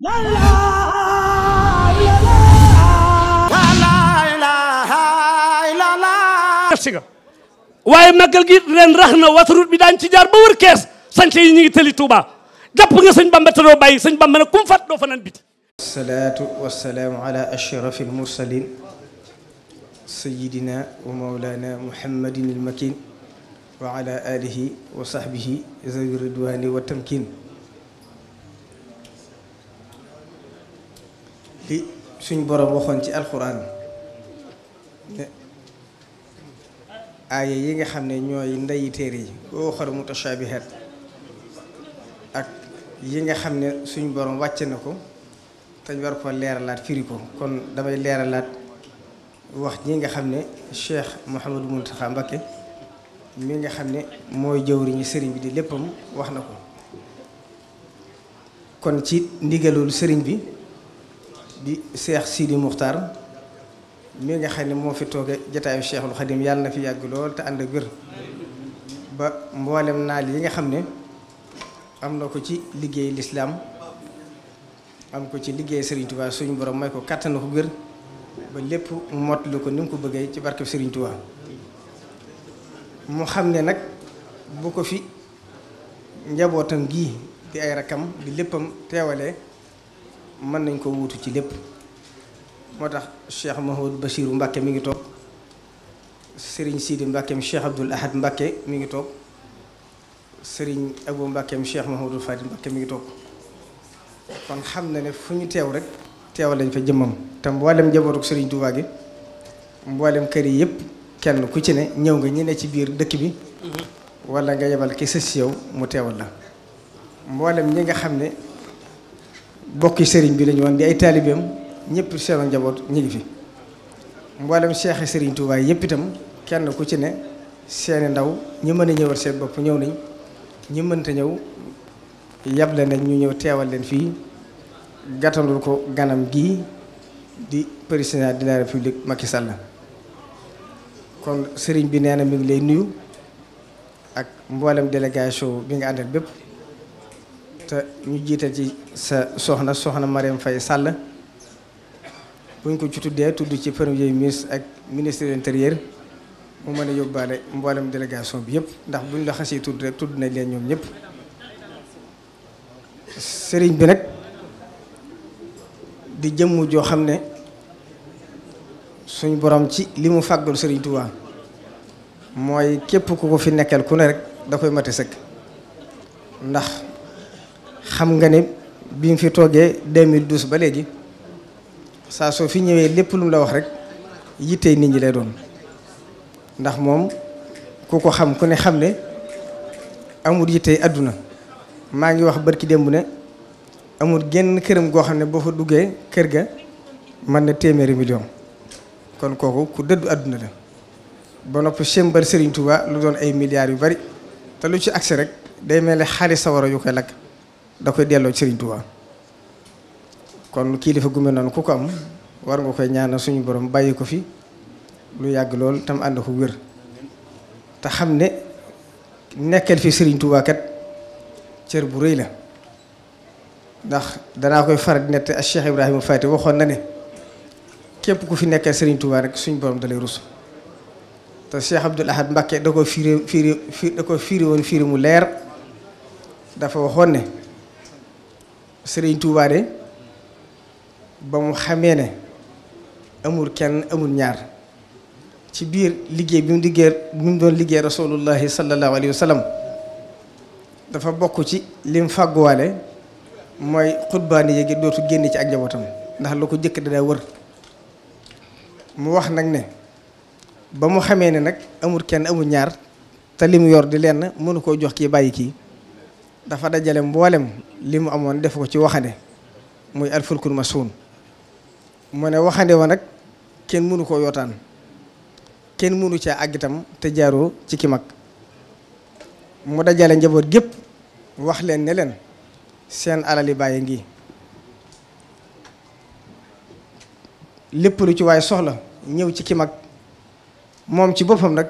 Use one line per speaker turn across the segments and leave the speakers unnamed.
لا لا لا لا لا لا لا waaye màggal gi ren rax na wasaruut bi daañ ci jaar ba wër kees sant yi ñu ngi tëli Touba jàpp nga sëñ Bamba te doo bàyyi sëñ Bamba nag ku mu fàtt doo fa nan biti salaatu wasalaamu ala ashraf almursalin sayidina wa maulana muhammadin almakin wa ala alihi wa sahbihi zawi ridwani wa tamkin li suñ boroom waxoon ci alxuraan aaya yi nga xam ne ñooy ndeyi téere yi boo xar mutashaabihaat ak yi nga xam ne suñ boroom wàcce na ko te ñu war ko leeralaat firi ko kon damay leeralaat wax ñi nga xam ne Cheikh Mouhamadou Mountakha Mbacké mi nga xam ne mooy jëwriñu sëriñ bi di léppam wax na ko kon ci ndigalul sëriñ bi di Cheikh Sidi Muxtaar mi nga xam ne moo fi tooge jataayu Cheikhul Xadim yàlla na fi yàgg lool te ànd ak wér ba mboolem naal yi nga xam ne am na ko ci liggéey lislaam am ko ci liggéey Serigne Touba suñu borom may ko kàttan ko gër ba lépp mottali ko ni mu ko bëggee ci barkeb Serigne Touba mu xam ne nag bu ko fi njabootam gii di ay rakkam di léppam teewalee mën nañ ko wuutu ci lépp moo tax Cheikh Mahoud Bachirou Mbacke mi ngi toog sëriñ Sidi Mbackeem Cheikh Abdoul Ahad Mbacke mi ngi toog sëriñ Abou Mbackeem Cheikh Mahoudou Fadi Mbacke mi ngi toog kon xam na ne fu ñu teew rek teewal lañ fa jëmmam te mboolem njabootu sëriñ Touba gi mboolem kër yi yépp kenn ku ci ne ñëw nga ñu ne ci biir dëkk bi mhm. wala nga yebal ki sës yow mu teewal la mboolem ñi nga xam ne. bokki sëriñ bi lañu woon di ay taalibeem ñëpp seenu njaboot ñu ngi fi mboolem seexi sëriñ Touba yëpp itam kenn ku ci ne seeni ndaw ñu mën a ñëwal seen bopp ñëw nañ ñu mënta ñëw yable nañ ñu ñëw teewal leen fii gàttandul ko ganam gii di président de la république Macky Sall kon sëriñ bi nee na mi ngi lay nuyu ak mboolem délégation bi nga àndal bépp sa ñu jiital ci sa soxna soxna Mariam fay sàll buñ ko ci tuddee tudd ci premier ministre ak ministre de l'intérieur mu mën a yóbbaale mboolem délégation bi yëpp ndax buñ la xasee tudd tudd nañ leen ñoom ñëpp sëriñ bi nag di jëmm joo xam ne suñ boroom ci li mu fàggul sëriñ Touba mooy képp ku ko fi nekkal ku ne rek da koy mate sëkk ndax xam nga ni bi mu fi toogee 2012 ba léegi saa soo fi ñëwee lépp lu mu la wax rek yittey nit ñi lay doon ndax moom ku ko xam ku ne xam ne amul yittey àdduna maa ngi wax barki démb ne amut genn këram goo xam ne boo fa duggee kër ga mën na téeméeri million kon kooku ku dëddu àdduna la ba noppi sembal Serigne Touba lu doon ay milliards yu bari te lu ci agsi rek day mel ne xaalis sawara yu koy lakk da koy delloo Serigne Touba kon kilifa gu mel noonu ku ko am war nga koy ñaanal suñu borom bàyyi ko fi lu yàgg lool tam ànd ko wér te xam ne nekkal fi Serigne Touba kat cër bu rëy la ndax danaa koy faral di nett ak Cheikh Ibrahima Faty waxoon na ne képp ku fi nekkal Serigne Touba rek suñu borom dalay rus te Cheikh abdul Ahad Mbacké da ko firi fiiri da ko firi woon fiiri mu leer dafa waxoon ne sëriñ Touba de ba mu xamee ne amul kenn amul ñaar ci biir liggéey bi mu liggéey doon liggéey rasulullahi sallallahu alayhi wa sallam dafa bokk ci lim fàgguwaale mooy xutbaani yéegi dootu génn ci ak njabootam ndax loo ko jëkk da daa wër mu wax nag ne ba mu xamee ne nag amul kenn amul ñaar te li mu yor di lenn mënu koo jox ki bàyyi kii dafa dajale mboolem li mu amoon def ko ci waxande muy alfulkul suun mu ne waxande wa nag kenn mënu koo yootaan kenn mënu caa àgg itam te jaaroo ci ki mag mu dajale njaboot gépp wax leen ne leen seen alali bàyyi ngi lépp lu ci waaye soxla ñëw ci ki mag moom ci boppam nag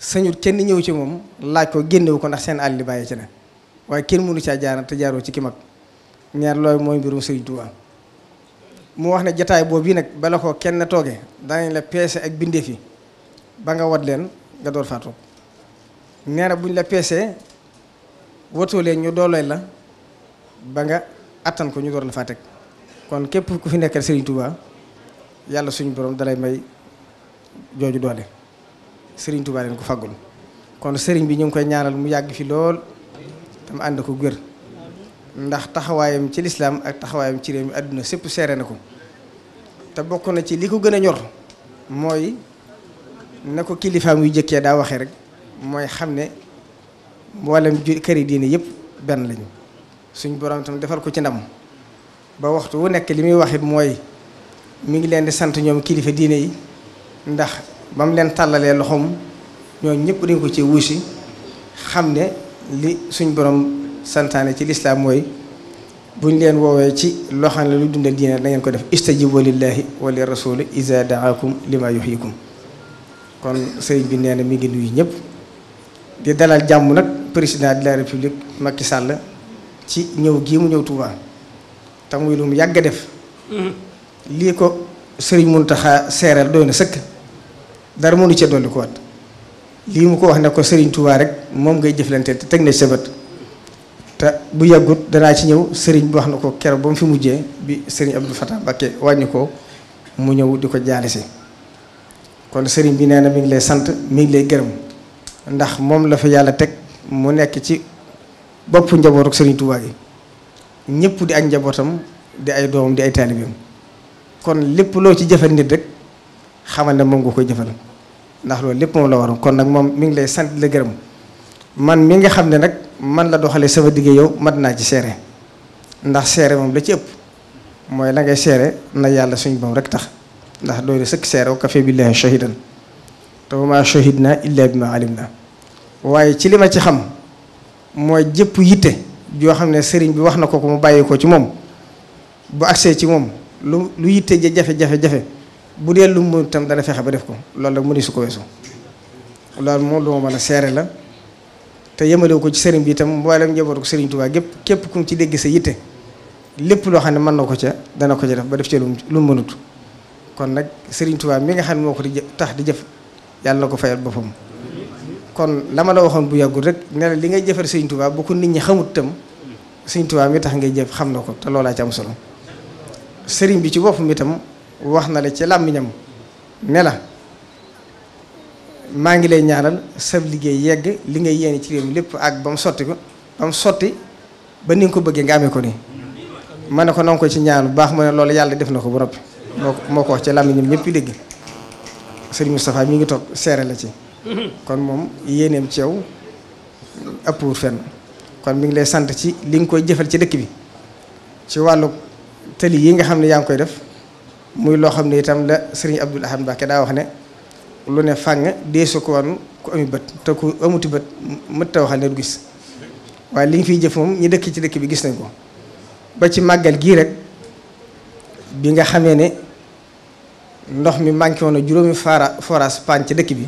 sañul kenn ñëw ci moom laaj ko génnewu ko ndax seen alali bàyyi ci ne waaye kenn mënu caa jaaran te jaaroo ci ki mag ñaar loolu mooy mbirum Sëriñ Tuubaa mu wax ne jataay boobu yi nag bala ko kenn tooge danañ la peese ak bindeef fi ba nga wat leen nga door faa toog nee na buñ la peesee watoo leen ñu dooleel la ba nga àttan ko ñu door la faa teg kon képp ku fi nekkal Sëriñ Tuubaa yàlla suñu borom dalay may jooju doole Sëriñ Tuubaa leen ko faggul kon sëriñ bi ñu ngi koy ñaaral mu yàgg fi lool tam ànd ko gër ndax taxawaayam ci lislaam ak taxawaayam ci réew mi àdduna sépp seere na ko te bokk na ci li ko gën a ñor mooy na ko kilifaam yu jëkkee daa waxee rek mooy xam ne mboolem ju këri diine yëpp benn lañu suñ borom tam defal ko ci ndam ba waxtu wu nekk li muy waxit mooy mu ngi leen di sant ñoom kilifa diine yi ndax ba mu leen tàllalee loxoom ñoo ñëpp dañ ko ci wuusi xam ne li suñ boroom santaane ci lislaam mooy buñ leen woowee ci loo xam lu dundal diine da ngeen ko def istajibu lillahi wa li rasuli iza daakum lima yuhyikum kon sëriñ bi nee na mi ngi nuyu ñëpp di dalal jàmm nag président de la république Macky Sall ci ñëw gi mu ñëw Touba te muy lu mu yàgg def mm-hmm. lii ko sëriñ Mountakha seeral doy na sëkk dara mënu cee dolli ko wat lii mu ko wax ne ko Serigne Touba rek moom ngay jëflante te teg na sa te bu yàggut danaa ci ñëw sëriñ bi wax na ko keroog ba mu fi mujjee bi Serigne Abdou Fatah Mbacké wàññi ko mu ñëw di ko jaale kon Serigne bi nee na mi ngi lay sant mi ngi lay gërëm ndax moom la fa yàlla teg mu nekk ci boppu njabootu Serigne Touba gi ñëpp di ak njabootam di ay doomam di ay taalibeem kon lépp loo ci jëfal nit rek xamal ne moom nga koy jëfal. ndax loolu lépp moom la waroon kon nag moom mu ngi lay sant la gërëm man mi nga xam ne nag man la doxalee sama digg yow mat naa ci seere ndax seere moom la ci ëpp mooy la ngay seere na yàlla suñu boom rek tax ndax doy na sëkk seere kafe billaahi shahidan te ma shahidna illa bima alimna waaye ci li ma ci xam mooy jëpp yitte joo xam ne sëriñ bi wax na ko ko mu bàyyi ko ci moom bu agsee ci moom lu lu yitte jafe jafe jafe bu dee lu mu tam dana fexe ba def ko loolu rek mënu su ko weesu loolu moom lu ma mën a seere la te yemale ko ci sëriñ bi itam mboolem njabootu ko sëriñ képp ku ci dégg sa yitte lépp loo xam ne mën na ko ca dana ko ca def ba def ca lu mu mënut kon nag sëriñ Tuubaa mi nga xam ne moo ko di tax di jëf yàlla na ko fayal boppam kon la la waxoon bu yàggul rek ne li ngay jëfar sëriñ Tuubaa nit ñi xamut tam sëriñ Tuubaa mi tax ngay jëf xam na ko te loolaa ci am solo sëriñ bi ci boppam itam wax na la ci làmmiñam ne la maa ngi lay ñaanal sab liggéey yegg li ngay yéene ci réew lépp ak ba mu sotti ko ba mu sotti ba ni nga ko bëggee nga amee ko nii ma ne ko na ko ci ñaan bu baax moo ne loolu yàlla def na ko bu noppi moo ko wax ci làmmiñam ñëpp yu dégg sëriñ Moustapha mi ngi toog seere la ci kon moom yéeneem ci yow ëppwur fenn kon mi ngi lay sant ci li nga koy jëfal ci dëkk bi ci wàllu tëli yi nga xam ne yaa ngi koy def muy loo xam ne itam la sëriñ Abdul Ahad Mbacke daa wax ne lu ne fànn deesu ko woon ku ami bët te ku amuti bët mët ta waxal ne du gis waaye li ñu fiy jëf moom ñi dëkk ci dëkk bi gis nañ ko ba ci màggal gii rek bi nga xamee ne ndox mi manqué woon na juróomi fara forage ci dëkk bi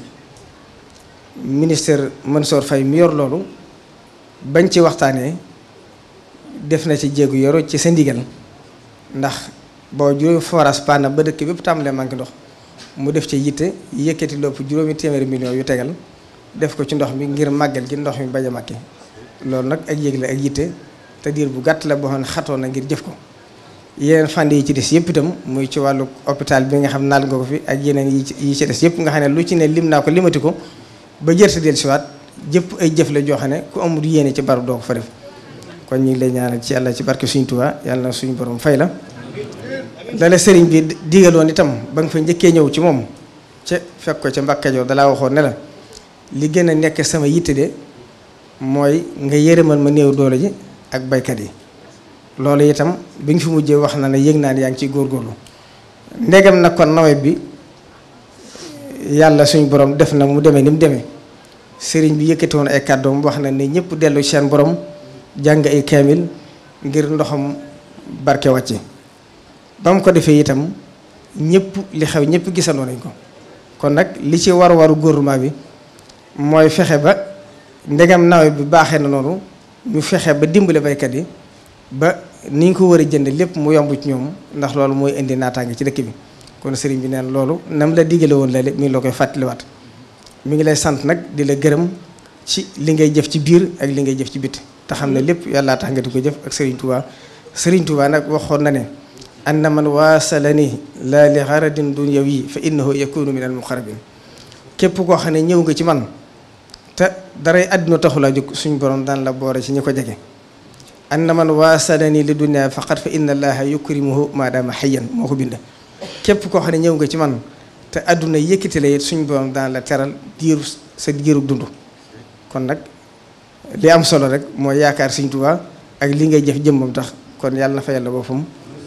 ministère Mansour fay mu yor loolu bañ ci waxtaanee def na ci jéegu yoro ci sa ndigal ndax boo juróomi forage panne ba dëkk bépp tàmbalee manqué ndox mu def ci yitte yëkkati lopp juróomi téeméeri millions yu tegal def ko ci ndox mi ngir màggal gi ndox mi bañ a loolu nag ak yëg ak yitte te diir bu gàtt la boo xam ne xatoon na ngir jëf ko yeneen fànn yi ci des yëpp itam muy ci wàllu hôpital bi nga xam naal ko fi ak yeneen yi yëpp nga xam ne lu ci ne lim naa ko limati ko ba jërta del siwaat jëpp ay jëf la joo xam ne ku amul yéene ci baru doo ko fa def kon ñu ngi lay ñaanal ci yàlla ci barke suñu Tuubaa yàlla suñu borom fay la la sëriñ bi digaloon itam ba nga fa njëkkee ñëw ci moom ca fekk ko ca Mbàkke Kajoor dalaa waxoon ne la li gën a nekk sama yitte de mooy nga yërëmal ma néew doole ji ak baykat yi loolu itam bi nga fi mujjee wax na ne yëg naa yaa ngi ciy góorgóorlu ndegam nag kon nawet bi yàlla suñu borom def na mu demee ni mu demee sëriñ bi yëkkatiwoon ay kàddoom wax na ne ñëpp dellu seen borom jàng ay kaamil ngir ndoxam barke wàcce ba mu ko defee itam ñëpp li xew ñëpp gisandoo nañ ko kon nag li ci war waru gouvernement bi mooy fexe ba ndegam nawet bi baaxee na noonu ñu fexe ba dimbale baykat yi ba ni ñu ko war a jënd lépp mu yomb ci ñoom ndax loolu mooy indi naataange ci dëkk bi kon sëriñ bi neen loolu nam la diggale woon léeg mi ngi la koy fàttaliwaat mu ngi lay sant nag di la gërëm ci li ngay jëf ci biir ak li ngay jëf ci bit te xam ne lépp yàlla tax nga di ko jëf ak sëriñ Touba sëriñ Touba nag waxoon na ne أن من واصلني لا لغرض دنيوي فإنه يكون من المقربين كيف كو خاني نيوغي سي مان تا داراي ادنا تخولا جو سوني بروم دان لا بوري سي نيكو جيغي أن من واصلني لدنيا فقط فإن الله يكرمه ما دام حيا موكو بيند كيف كو خاني نيوغي سي مان تا ادنا ييكيتي لاي سوني بروم دان لا تيرال دير سا ديرو دوندو كون نك لي ام سولو رك مو ياكار سيغ توبا اك لي جيف جيمم تخ كون يالنا فا يالنا بوفم